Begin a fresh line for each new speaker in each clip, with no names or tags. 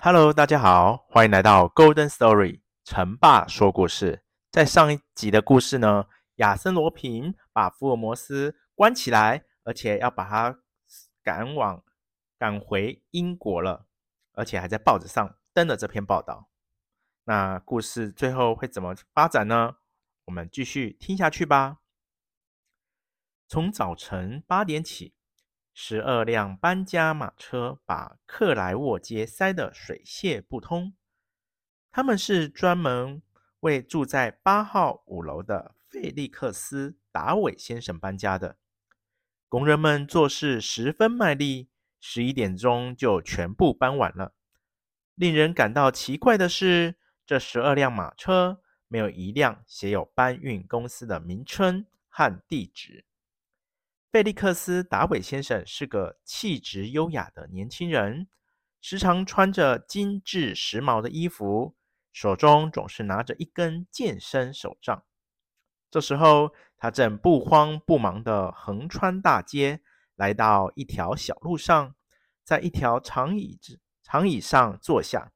Hello，大家好，歡迎來到 Golden Story 成爸說故事。在上一集的故事呢，亞森羅蘋把福爾摩斯關起來，而且要把他趕往、趕回英國了，而且還在報紙上登了這篇報道。那故事最後會怎麼發展呢？我們繼續聽下去吧。從早晨八點起。十二輛搬家馬車把克萊沃街塞得水洩不通。他們是專門為住在八號五樓的費利克斯·達偉先生搬家的。工人們做事十分賣力，十一點鐘就全部搬完了。令人感到奇怪的是，這十二輛馬車沒有一輛寫有搬運公司的名稱和地址。費利克斯·達韋先生是個氣質優雅的年輕人，時常穿着精緻時髦的衣服，手中總是拿着一根健身手杖。這時候，他正不慌不忙地橫穿大街，來到一條小路上，在一條長椅子長椅上坐下。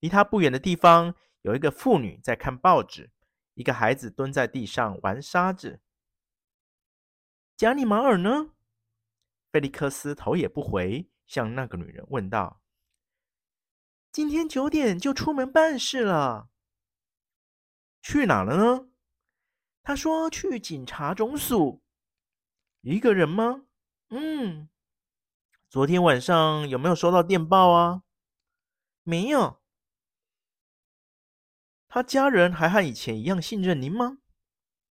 離他不遠的地方，有一個婦女在看報紙，一個孩子蹲在地上玩沙子。賈里馬爾呢？菲利克斯頭也不回，向那個女人問道：“今天九點就出門辦事了，去哪了呢？”他說：“去警察總署。”“一個人嗎？”“嗯。”“昨天晚上有沒有收到電報啊？”“沒有。”“他家人還和以前一樣信任您嗎？”“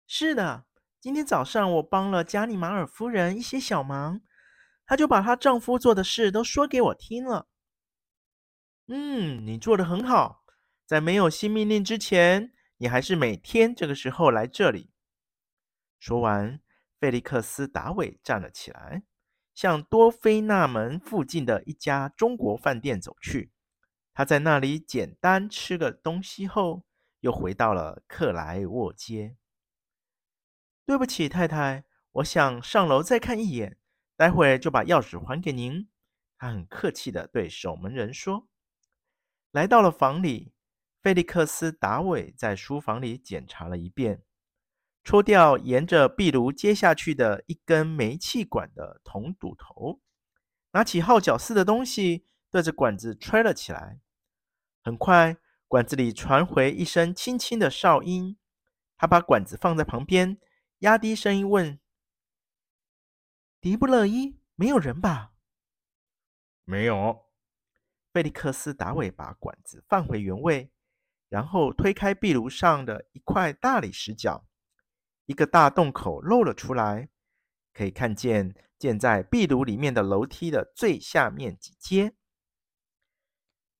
是的。”今天早上我幫了加里馬爾夫人一些小忙，她就把她丈夫做的事都說給我聽了。嗯，你做得很好，在沒有新命令之前，你還是每天這個時候來這裡。說完，費利克斯·達偉站了起來，向多菲納門附近的一家中國飯店走去。他在那裡簡單吃個東西後，又回到了克萊沃街。對不起，太太，我想上樓再看一眼，待會就把鑰匙還給您。他很客氣的對守門人說。來到了房裡，菲利克斯·達韋在書房裡檢查了一遍，抽掉沿着壁爐接下去的一根煤氣管的銅堵頭，拿起號角似的東西對着管子吹了起來。很快，管子裡傳回一聲輕輕的哨音。他把管子放在旁邊。壓低聲音問：“迪布勒伊，沒有人吧？”“沒有。”菲利克斯達維把管子放回原位，然後推開壁爐上的一塊大理石角，一個大洞口露了出來，可以看見建在壁爐裡面的樓梯的最下面幾階。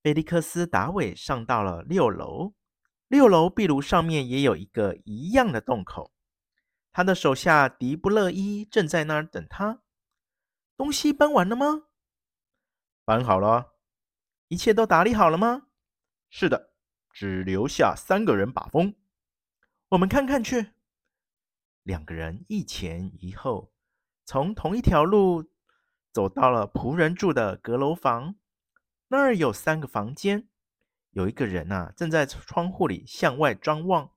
菲利克斯達維上到了六樓，六樓壁爐上面也有一個一樣的洞口。他的手下迪布勒伊正在那兒等他。東西搬完了嗎？搬好了。一切都打理好了嗎？是的，只留下三個人把風。我們看看去。兩個人一前一後，從同一條路走到了僕人住的閣樓房。那兒有三個房間，有一個人吶、啊，正在窗戶裡向外張望。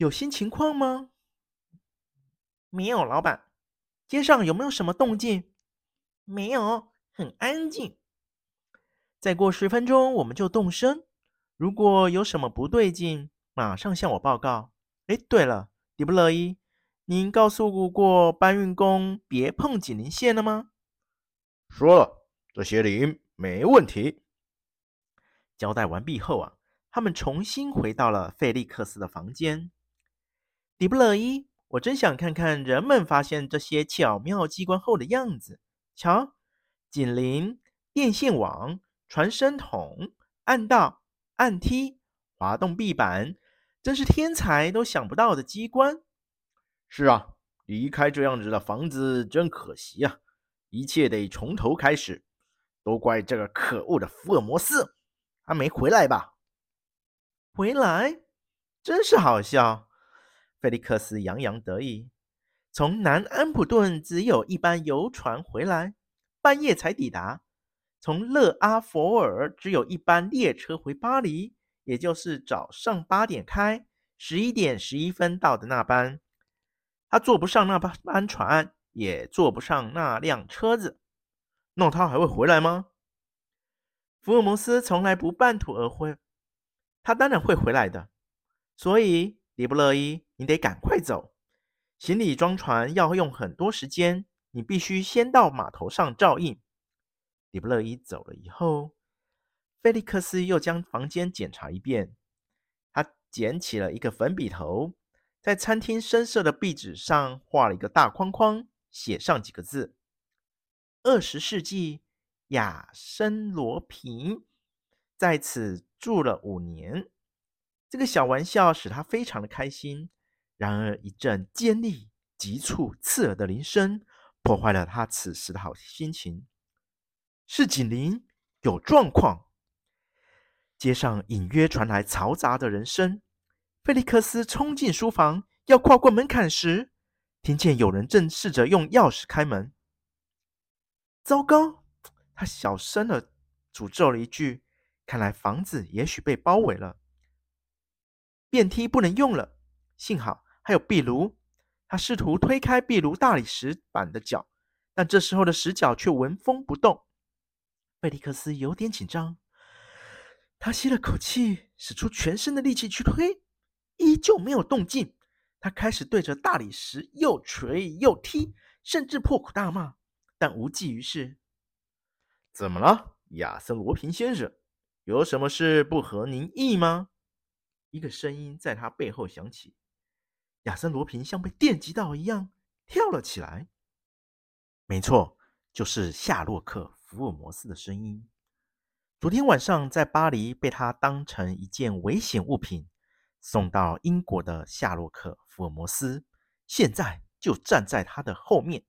有新情況嗎？沒有，老板。街上有沒有什麼動靜？沒有，很安靜。再過十分鐘我們就動身。如果有什麼不對勁，馬上向我報告。哎，對了，迪布勒伊，您告訴過搬運工別碰警鈴線了嗎？說了，這些鈴沒問題。交代完畢後啊，他們重新回到了費利克斯的房間。迪布樂伊，我真想看看人們發現這些巧妙機關後的樣子。瞧，警鈴、電線網、傳聲筒、暗道、暗梯、滑動壁板，真是天才都想不到的機關。是啊，離開這樣子的房子真可惜啊！一切得從頭開始，都怪這個可惡的福爾摩斯。還沒回來吧？回來？真是好笑。菲利克斯洋洋得意。從南安普頓只有一班遊船回來，半夜才抵達。從勒阿弗爾只有一班列車回巴黎，也就是早上八點開，十一點十一分到的那班。他坐不上那班班船，也坐不上那輛車子，那他還會回來嗎？福爾摩斯從來不半途而廢，他當然會回來的。所以。迪布勒伊，你得趕快走。行李裝船要用很多時間，你必須先到碼頭上照應。迪布勒伊走了以後，菲利克斯又將房間檢查一遍。他撿起了一個粉筆頭，在餐廳深色的壁紙上畫了一個大框框，寫上幾個字：“二十世紀，亞森·羅蘋在此住了五年。”這個小玩笑使他非常的開心。然而，一陣尖利、急促、刺耳的鈴聲破壞了他此時的好心情。是警鈴，有狀況。街上隱約傳來嘈雜的人聲。菲利克斯衝進書房，要跨過門檻時，聽見有人正試着用鑰匙開門。糟糕！他小聲的詛咒了一句。看來房子也許被包圍了。電梯不能用了，幸好還有壁爐。他試圖推開壁爐大理石板的角，但這時候的石角卻紋風不動。貝利克斯有點緊張，他吸了口氣，使出全身的力氣去推，依舊沒有動靜。他開始對着大理石又捶又踢，甚至破口大罵，但無濟於事。怎麼了，亞森羅蘋先生？有什麼事不合您意嗎？一個聲音在他背後響起，亞森·羅平像被電擊到一樣跳了起來。沒錯，就是夏洛克·福爾摩斯的聲音。昨天晚上在巴黎被他當成一件危險物品送到英國的夏洛克·福爾摩斯，現在就站在他的後面。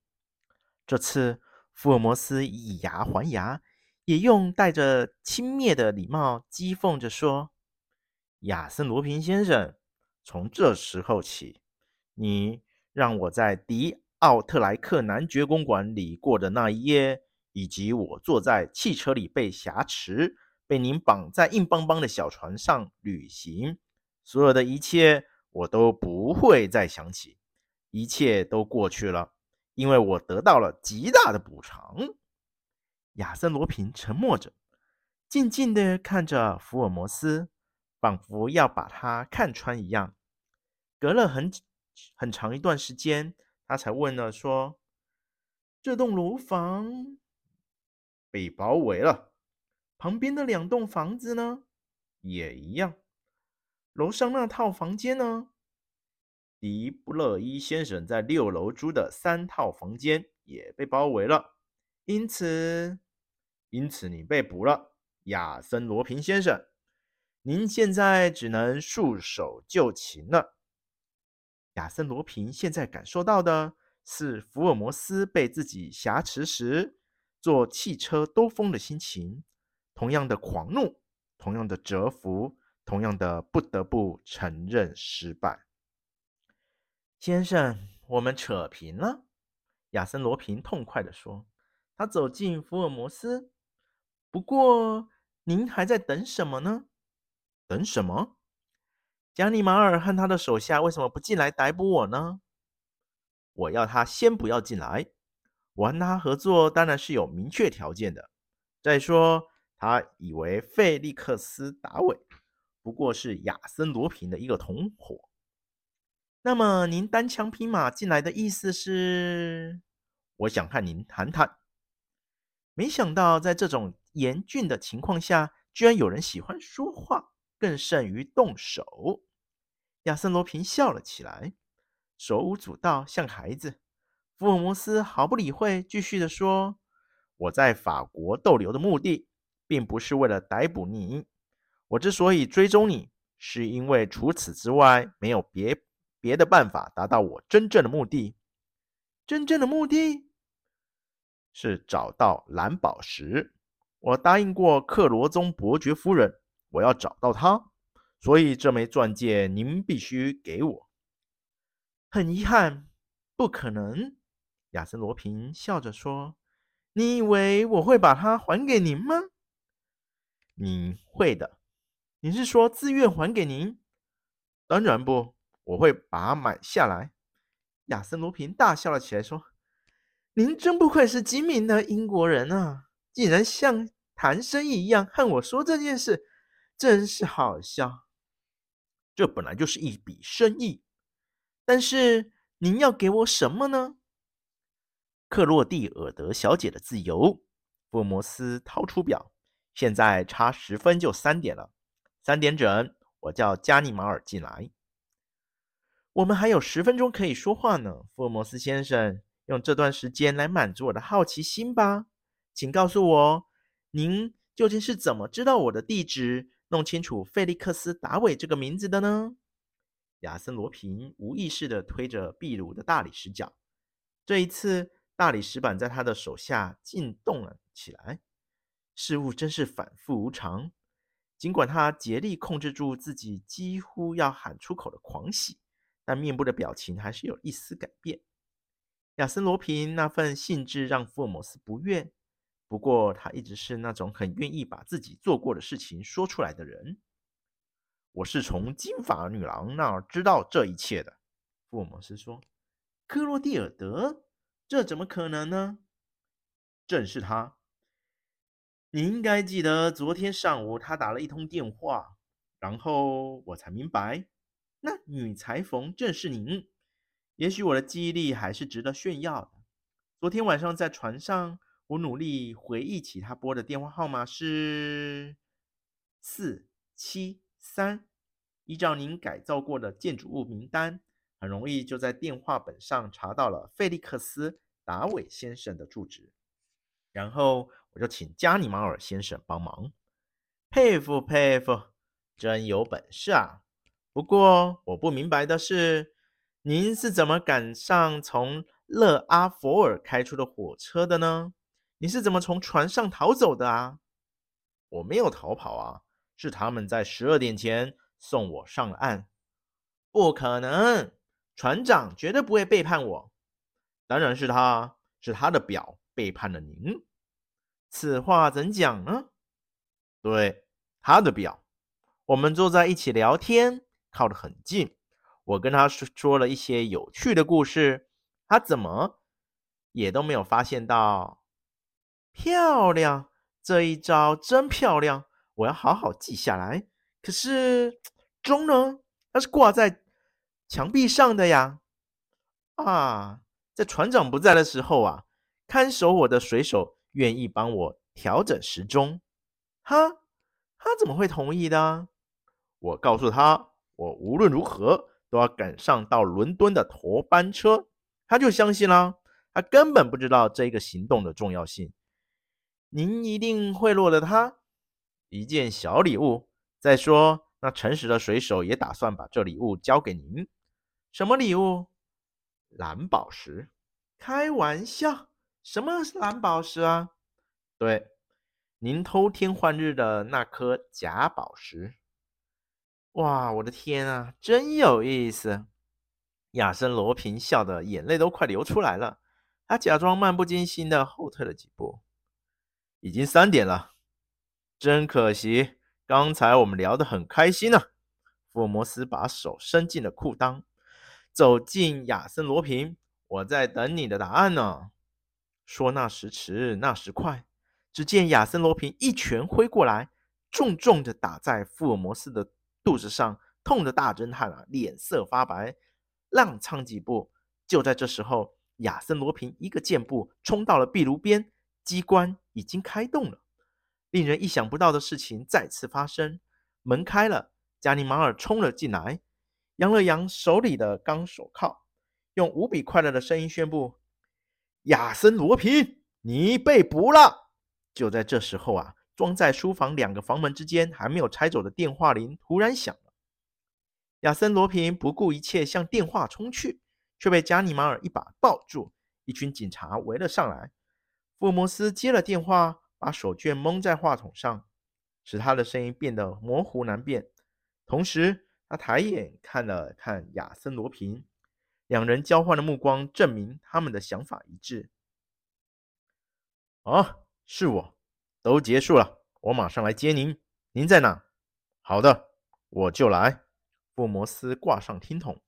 這次福爾摩斯以牙還牙，也用帶着輕蔑的禮貌譏諷着說。亞森·羅蘋先生，從這時候起，你讓我在迪奧特萊克男爵公館裡過的那一夜，以及我坐在汽車裡被挾持、被您綁在硬邦邦的小船上旅行，所有的一切我都不會再想起，一切都過去了，因為我得到了極大的補償。亞森·羅蘋沉默着，靜靜地看着福爾摩斯。仿佛要把他看穿一樣。隔了很很長一段時間，他才問了說：“這棟樓房被包圍了，旁邊的兩棟房子呢，也一樣。樓上那套房間呢？迪布勒伊先生在六樓租的三套房間也被包圍了。因此，因此你被捕了，亞森·羅蘋先生。”您現在只能束手就擒了。亞森·羅平現在感受到的是福爾摩斯被自己挾持時坐汽車兜風的心情，同樣的狂怒，同樣的折服，同樣的不得不承認失敗。先生，我們扯平了。亞森·羅平痛快地說，他走進福爾摩斯。不過，您還在等什麼呢？等什麼？加尼馬爾和他的手下為什麼不進來逮捕我呢？我要他先不要進來。我和他合作當然是有明確條件的。再說，他以為費利克斯達偉不過是亞森羅平的一個同夥。那麼您單槍匹馬進來的意思是？我想和您談談。沒想到在這種嚴峻的情況下，居然有人喜歡說話。更勝於動手，亞森·羅平笑了起來，手舞足蹈，像孩子。福爾摩斯毫不理會，繼續地說：“我在法國逗留的目的，並不是為了逮捕你。我之所以追蹤你，是因為除此之外沒有別別的辦法達到我真正的目的。真正的目的是找到藍寶石。我答應過克羅宗伯爵夫人。”我要找到他，所以這枚鑽戒您必須給我。很遺憾，不可能。亞森羅蘋笑着說：“你以為我會把它還給您嗎？”“你會的。”“你是說自願還給您？”“當然不，我會把它買下來。”亞森羅蘋大笑了起來，說：“您真不愧是精明的英國人啊，竟然像談生意一樣和我說這件事。”真是好笑，這本來就是一筆生意，但是您要給我什麼呢？克洛蒂爾德小姐的自由。福爾摩斯掏出錶，現在差十分就三點了。三點整，我叫加尼馬爾進來。我們還有十分鐘可以說話呢，福爾摩斯先生，用這段時間來滿足我的好奇心吧。請告訴我，您究竟是怎麼知道我的地址弄清楚費利克斯·達韋這個名字的呢？亞森·羅平無意識地推着壁爐的大理石角，這一次大理石板在他的手下竟動了起來。事物真是反復無常。儘管他竭力控制住自己幾乎要喊出口的狂喜，但面部的表情還是有一絲改變。亞森·羅平那份興致讓福爾摩斯不悅。不過，他一直是那種很願意把自己做過的事情說出來的人。我是從金髮女郎那兒知道這一切的，福爾摩斯說。克洛蒂爾德，這怎麼可能呢？正是他。你應該記得昨天上午他打了一通電話，然後我才明白，那女裁縫正是您。也許我的記憶力還是值得炫耀的。昨天晚上在船上。我努力回憶起他撥的電話號碼是四七三，依照您改造過的建築物名單，很容易就在電話本上查到了費利克斯·達韋先生的住址。然後我就請加尼馬爾先生幫忙。佩服佩服，真有本事啊！不過我不明白的是，您是怎麼趕上從勒阿弗爾開出的火車的呢？你是怎麼從船上逃走的啊？我沒有逃跑啊，是他們在十二點前送我上了岸。不可能，船長絕對不會背叛我。當然是他，是他的表背叛了您。此話怎講呢？對，他的表。我們坐在一起聊天，靠得很近。我跟他說說了一些有趣的故事，他怎麼也都沒有發現到。漂亮，這一招真漂亮，我要好好記下來。可是鐘呢？它是掛在牆壁上的呀。啊，在船長不在的時候啊，看守我的水手願意幫我調整時鐘。哈，他怎麼會同意的？我告訴他，我無論如何都要趕上到倫敦的頭班車。他就相信了，他根本不知道這個行動的重要性。您一定賄賂了他一件小禮物。再說，那誠實的水手也打算把這禮物交給您。什麼禮物？藍寶石？開玩笑！什麼是藍寶石啊？對，您偷天換日的那顆假寶石。哇，我的天啊，真有意思！亞森羅蘋笑得眼淚都快流出來了。他假裝漫不經心地後退了幾步。已經三點了，真可惜，剛才我們聊得很開心呢、啊。福爾摩斯把手伸進了褲襠，走近亞森羅蘋，我在等你的答案呢、哦。說那時遲那時快，只見亞森羅蘋一拳揮過來，重重地打在福爾摩斯的肚子上，痛得大偵探啊臉色發白，踉蹌幾步。就在這時候，亞森羅蘋一個箭步衝到了壁爐邊。機關已經開動了，令人意想不到的事情再次發生。門開了，加尼馬爾衝了進來，揚了揚手裡的鋼手銬，用無比快樂的聲音宣布：“亞森羅蘋，你被捕了！”就在這時候啊，裝在書房兩個房門之間還沒有拆走的電話鈴突然響了。亞森羅蘋不顧一切向電話衝去，卻被加尼馬爾一把抱住。一群警察圍了上來。福摩斯接了電話，把手絹蒙在話筒上，使他的聲音變得模糊難辨。同時，他抬眼看了看亞森·羅平，兩人交換的目光證明他們的想法一致。啊、哦，是我，都結束了，我馬上來接您。您在哪？好的，我就來。福摩斯掛上聽筒。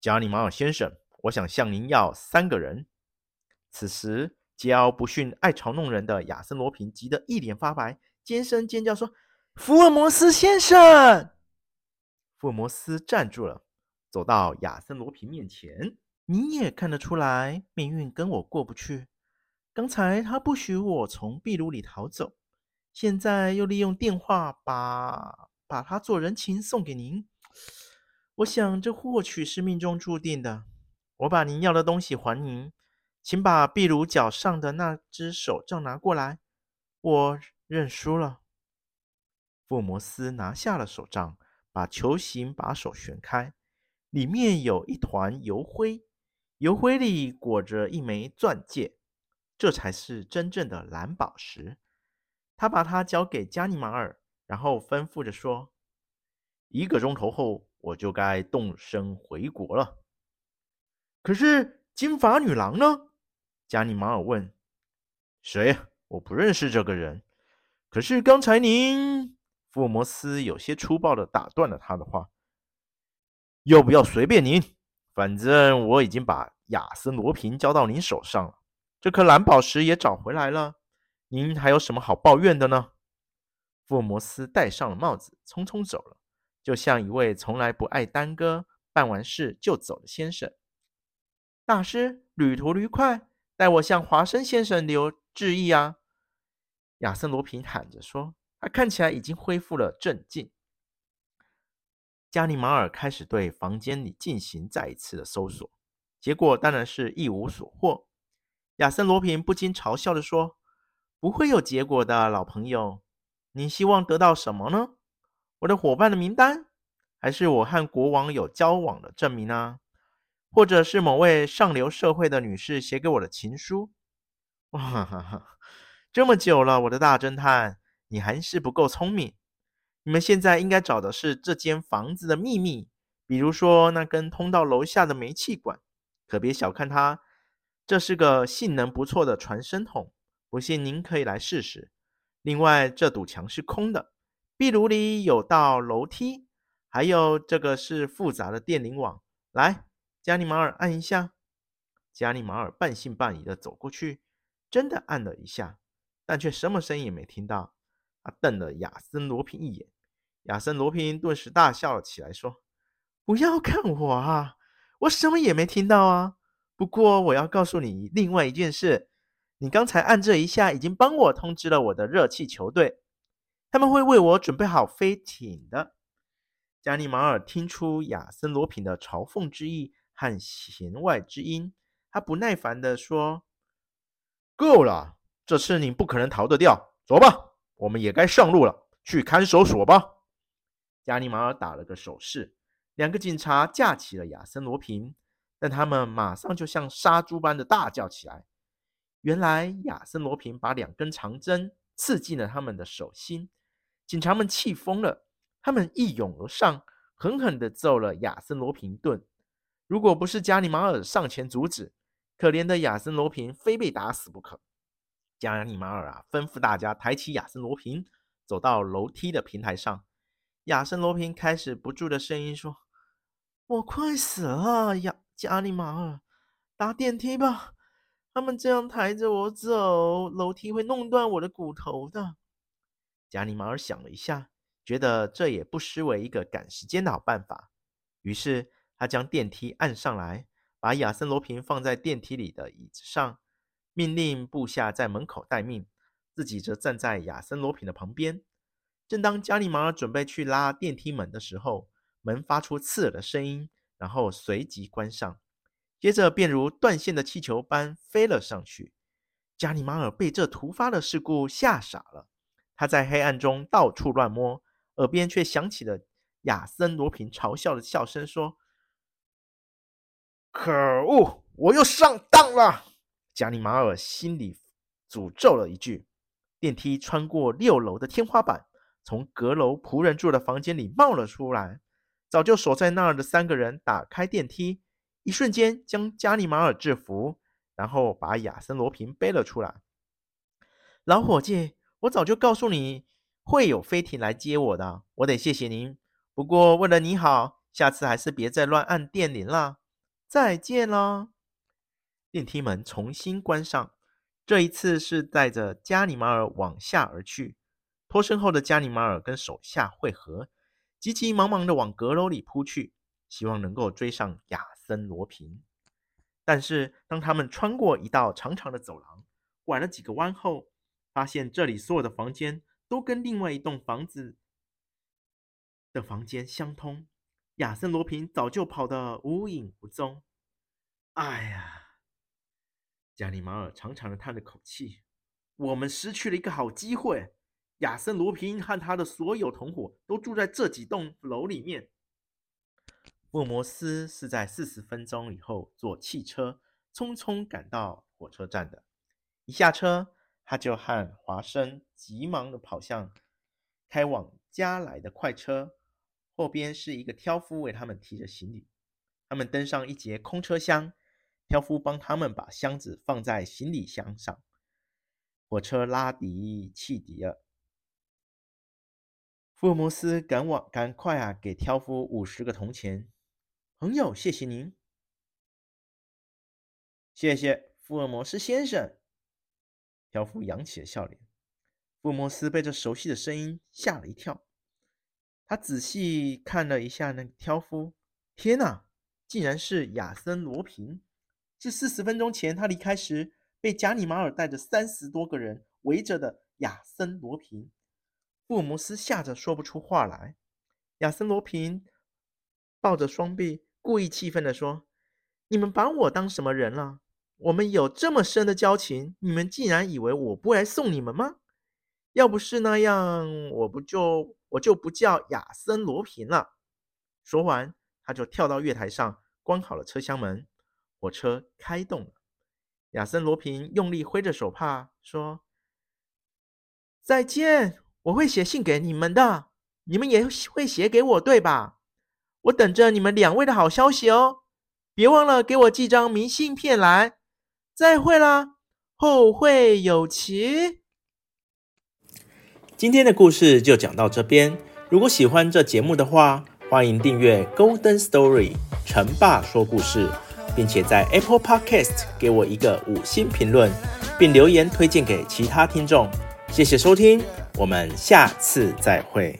加里馬爾先生，我想向您要三個人。此時。桀驁不馴、愛嘲弄人的亞森·羅平急得一臉發白，尖聲尖叫說：“福爾摩斯先生！”福爾摩斯站住了，走到亞森·羅平面前：“你也看得出來，命運跟我過不去。剛才他不許我從壁爐裡逃走，現在又利用電話把把他做人情送給您。我想這或許是命中注定的。我把您要的東西還您。”請把壁爐角上的那隻手杖拿過來。我認輸了。福爾摩斯拿下了手杖，把球形把手旋開，裡面有一團油灰，油灰裡裹着一枚鑽戒，這才是真正的藍寶石。他把它交給加尼瑪爾，然後吩咐着說：“一個鐘頭後，我就該動身回國了。可是金髮女郎呢？”加尼馬爾問：“誰？我不認識這個人。可是剛才您……”福爾摩斯有些粗暴的打斷了他的話：“要不要隨便您？反正我已經把亞森羅蘋交到您手上了，這顆藍寶石也找回來了。您還有什麼好抱怨的呢？”福爾摩斯戴上了帽子，匆匆走了，就像一位從來不愛耽擱、辦完事就走的先生。大師，旅途愉快。代我向華生先生留致意啊！亞森羅平喊着說，他看起來已經恢復了鎮靜。加尼馬爾開始對房間裡進行再一次的搜索，結果當然是一無所獲。亞森羅平不禁嘲笑地說：“不會有結果的，老朋友，你希望得到什麼呢？我的夥伴的名單，還是我和國王有交往的證明啊？”或者是某位上流社會的女士寫給我的情書，哇哈哈！這麼久了，我的大偵探，你還是不夠聰明。你們現在應該找的是這間房子的秘密，比如說那根通到樓下的煤氣管，可別小看它，這是個性能不錯的傳聲筒。不信您可以來試試。另外，這堵牆是空的，壁爐裡有道樓梯，還有這個是複雜的電鈴網。來。加尼馬爾按一下，加尼馬爾半信半疑的走過去，真的按了一下，但卻什麼聲音也沒聽到。他瞪了亞森羅蘋一眼，亞森羅蘋頓時大笑了起來，說：“不要看我啊，我什麼也沒聽到啊。不過我要告訴你另外一件事，你剛才按這一下，已經幫我通知了我的熱氣球隊，他們會為我準備好飛艇的。”加尼馬爾聽出亞森羅蘋的嘲諷之意。和弦外之音，他不耐煩的說：“夠了，這次你不可能逃得掉。走吧，我們也該上路了。去看守所吧。”加尼瑪爾打了個手勢，兩個警察架起了亞森羅平，但他們馬上就像殺豬般的大叫起來。原來亞森羅平把兩根長針刺進了他們的手心，警察們氣瘋了，他們一湧而上，狠狠地揍了亞森羅平一頓。如果不是加里馬爾上前阻止，可憐的亞森羅蘋非被打死不可。加里馬爾啊，吩咐大家抬起亞森羅蘋，走到樓梯的平台上。亞森羅蘋開始不住的聲音說：“我快死了呀，加里馬爾，搭電梯吧！他們這樣抬着我走，樓梯會弄斷我的骨頭的。”加里馬爾想了一下，覺得這也不失為一個趕時間的好辦法，於是。他將電梯按上來，把亞森羅蘋放在電梯裡的椅子上，命令部下在門口待命，自己則站在亞森羅蘋的旁邊。正當加尼馬爾準備去拉電梯門的時候，門發出刺耳的聲音，然後隨即關上，接着便如斷線的氣球般飛了上去。加尼馬爾被這突發的事故嚇傻了，他在黑暗中到處亂摸，耳邊卻響起了亞森羅蘋嘲笑的笑聲，說。可惡！我又上當了，加尼馬爾心裡詛咒了一句。電梯穿過六樓的天花板，從閣樓僕人住的房間裡冒了出來。早就守在那兒的三個人打開電梯，一瞬間將加尼馬爾制服，然後把亞森羅蘋背了出來。老夥計，我早就告訴你會有飛艇來接我的。我得謝謝您。不過為了你好，下次還是別再亂按電鈴了。再見了。電梯門重新關上，這一次是帶着加里馬爾往下而去。脫身後的加里馬爾跟手下會合，急急忙忙的往閣樓裡撲去，希望能夠追上亞森羅平。但是當他們穿過一道長長的走廊，拐了幾個彎後，發現這裡所有的房間都跟另外一棟房子的房間相通。亞森·羅平早就跑得無影無蹤。哎呀，加里馬爾長長的嘆了口氣：“我們失去了一個好機會。”亞森·羅平和他的所有同夥都住在這幾棟樓裡面。福爾摩斯是在四十分鐘以後坐汽車匆匆趕到火車站的。一下車，他就和華生急忙的跑向開往加萊的快車。後邊是一個挑夫為他們提着行李，他們登上一節空車廂，挑夫幫他們把箱子放在行李箱上。火車拉迪汽笛了。福爾摩斯趕往，趕快啊！給挑夫五十個銅錢。朋友，謝謝您。謝謝，福爾摩斯先生。挑夫揚起了笑臉。福爾摩斯被這熟悉的聲音嚇了一跳。他仔細看了一下那個挑夫，天哪，竟然是亞森·羅平！這四十分鐘前他離開時被賈尼馬爾帶着三十多個人圍着的亞森·羅平。福爾摩斯嚇着說不出話來。亞森·羅平抱着雙臂，故意氣憤的說：“你們把我當什麼人了？我們有這麼深的交情，你們竟然以為我不來送你們嗎？要不是那樣，我不就……”我就不叫亞森·羅平了。說完，他就跳到月台上，關好了車廂門。火車開動了。亞森·羅平用力揮着手帕，說：“再見！我會寫信給你們的，你們也會寫給我，對吧？我等着你們兩位的好消息哦！別忘了給我寄張明信片來。再會啦，後會有期。”今天的故事就講到這邊。如果喜歡這節目的話，歡迎訂閱 Golden Story 陳爸說故事，並且在 Apple Podcast 給我一個五星評論，並留言推薦給其他聽眾。謝謝收聽，我們下次再會。